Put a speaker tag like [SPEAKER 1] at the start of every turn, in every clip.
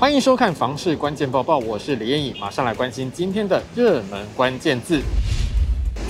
[SPEAKER 1] 歡迎收看《房市關鍵報報》，我是李豔穎，馬上來關心今天的熱門關鍵字。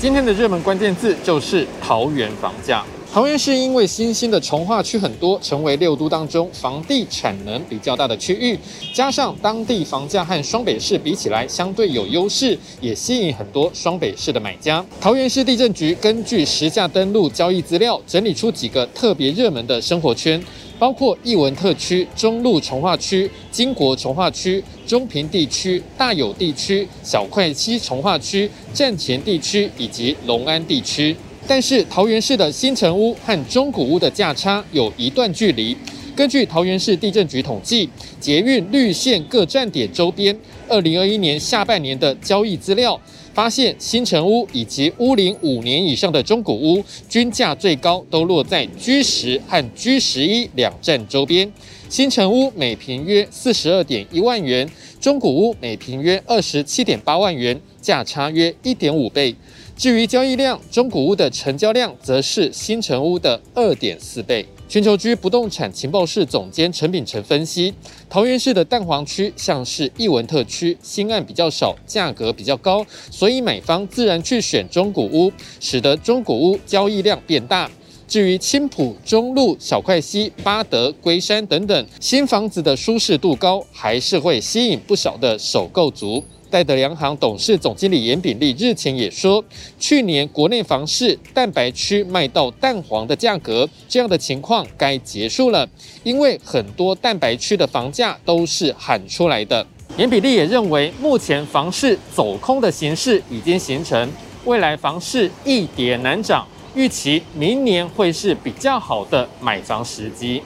[SPEAKER 1] 今天的熱門關鍵字就是桃園房價。桃園市因為新興的重劃區很多，成為六都當中房地產能比較大的區域。加上當地房價和雙北市比起來相對有優勢，也吸引很多雙北市的買家。桃園市地震局根據實價登錄交易資料，整理出幾個特別熱門的生活圈。包括藝文特區、中路重劃區、經國重劃區、中平地區、大有地區、小檜溪重劃區、站前地區以及龍安地區。但是，桃園市的新成屋和中古屋的價差有一段距離。根據桃園市地震局統計，捷運綠線各站點周邊。二零二一年下半年的交易資料發現，新成屋以及屋齡五年以上的中古屋均價最高都落在 G10 和 G11 兩站周邊。新成屋每坪約四十二點一萬元，中古屋每坪約二十七點八萬元，價差約一點五倍。至於交易量，中古屋的成交量則是新成屋的二點四倍。全球居不動產情報室總監陳炳辰分析，桃園市的蛋黃區像是藝文特區，新案比較少，價格比較高，所以買方自然去選中古屋，使得中古屋交易量變大。至於青埔、中路、小檜溪、八德、龜山等等，新房子的舒適度高，還是會吸引不少的首購族。戴德梁行董事總經理顏炳立日前也說，去年國內房市蛋白區賣到蛋黃的價格，這樣的情況該結束了，因為很多蛋白區的房價都是喊出來的。顏炳立也認為，目前房市走空的形勢已經形成，未來房市易跌難漲，預期明年會是比較好的買房時機。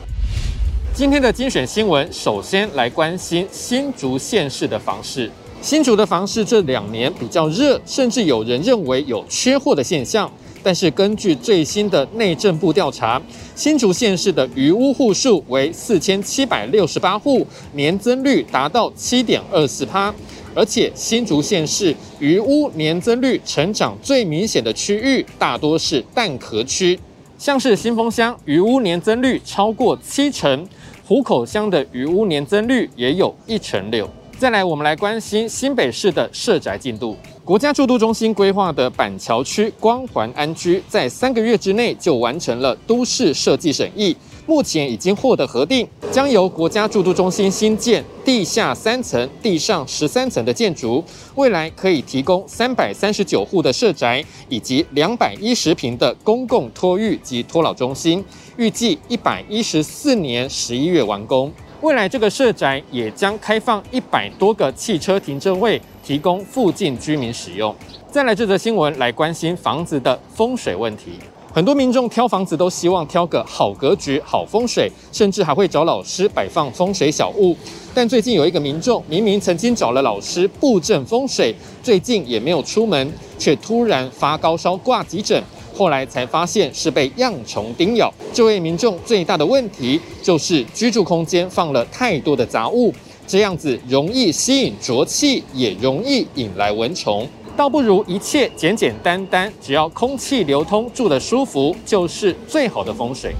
[SPEAKER 1] 今天的精選新聞，首先來關心新竹縣市的房市。新竹的房市這兩年比較熱，甚至有人認為有缺貨的現象。但是根據最新的內政部調查，新竹縣市的餘屋戶數為四千七百六十八戶，年增率達到七點二四趴。而且新竹縣市餘屋年增率成長最明顯的區域，大多是蛋殼區，像是新豐鄉餘屋年增率超過七成，湖口鄉的餘屋年增率也有一成六。再來，我們來關心新北市的社宅進度。國家住都中心規劃的板橋區光環安居，在三個月之內就完成了都市設計審議，目前已經獲得核定，將由國家住都中心新建地下三層、地上十三層的建築，未來可以提供三百三十九戶的社宅以及兩百一十坪的公共托育及托老中心，預計一百一十四年十一月完工。未來這個社宅也將開放一百多個汽車停車位，提供附近居民使用。再來這則新聞，來關心房子的風水問題。很多民眾挑房子都希望挑個好格局、好風水，甚至還會找老師擺放風水小物。但最近有一個民眾，明明曾經找了老師佈陣風水，最近也沒有出門，卻突然發高燒掛急診。後來才發現是被恙蟲叮咬。這位民眾最大的問題就是居住空間放了太多的雜物，這樣子容易吸引濁氣，也容易引來蚊蟲。倒不如一切簡簡單單，只要空氣流通，住得舒服就是最好的風水。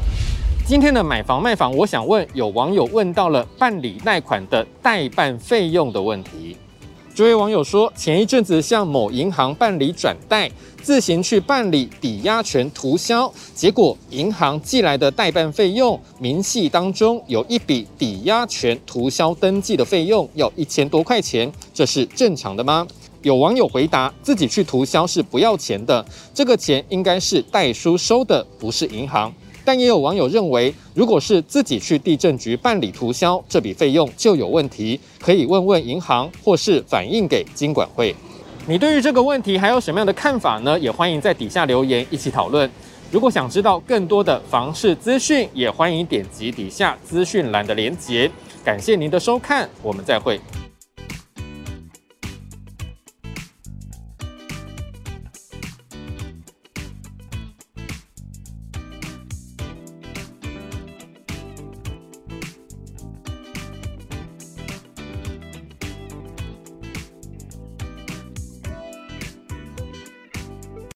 [SPEAKER 1] 今天的買房賣房，我想問有網友問到了辦理貸款的代辦費用的問題。這位網友說，前一陣子向某銀行辦理轉貸，自行去辦理抵押權塗銷，結果銀行寄來的代辦費用明細當中有一筆抵押權塗銷登記的費用要一千多塊錢，這是正常的嗎？有網友回答，自己去塗銷是不要錢的，這個錢應該是代書收的，不是銀行。但也有網友認為，如果是自己去地震局辦理塗銷，這筆費用就有問題，可以問問銀行或是反映給金管會。你對於這個問題還有什麼樣的看法呢？也歡迎在底下留言一起討論。如果想知道更多的房市資訊，也歡迎點擊底下資訊欄的連結。感謝您的收看，我們再會。